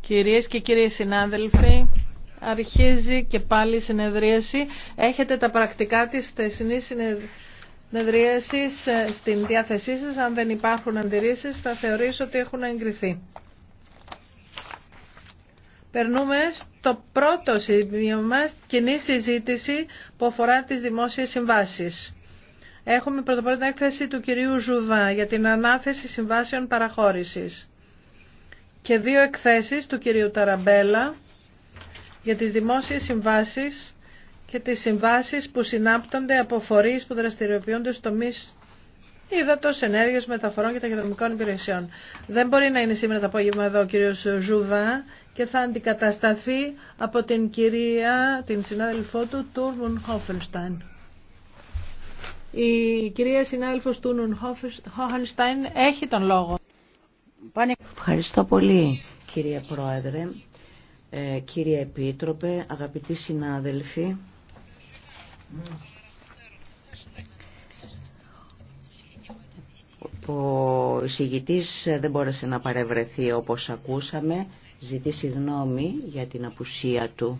Κυρίες και κύριοι συνάδελφοι, αρχίζει και πάλι η συνεδρίαση. Έχετε τα πρακτικά της θεσινής συνεδρίασης ε, στην διάθεσή σας. Αν δεν υπάρχουν αντιρρήσεις θα θεωρήσω ότι έχουν εγκριθεί. Περνούμε στο πρώτο σημείο μας, κοινή συζήτηση που αφορά τις δημόσιες συμβάσεις. Έχουμε πρώτα απ' την έκθεση του κυρίου Ζουβά για την ανάθεση συμβάσεων παραχώρησης και δύο εκθέσεις του κυρίου Ταραμπέλα για τις δημόσιες συμβάσεις και τις συμβάσεις που συνάπτονται από φορείς που δραστηριοποιούνται στο τομείς ύδατο, ενέργεια, μεταφορών και ταχυδρομικών υπηρεσιών. Δεν μπορεί να είναι σήμερα το απόγευμα εδώ ο κύριο Ζούδα και θα αντικατασταθεί από την κυρία, την συνάδελφό του, Τούρμουν Χόφελστάιν. Η κυρία συνάδελφος Τούνουν Χόχανστάιν έχει τον λόγο. Ευχαριστώ πολύ κύριε Πρόεδρε, ε, κύριε Επίτροπε, αγαπητοί συνάδελφοι. Ο συγητής δεν μπόρεσε να παρευρεθεί όπως ακούσαμε. Ζητήσει συγγνώμη για την απουσία του.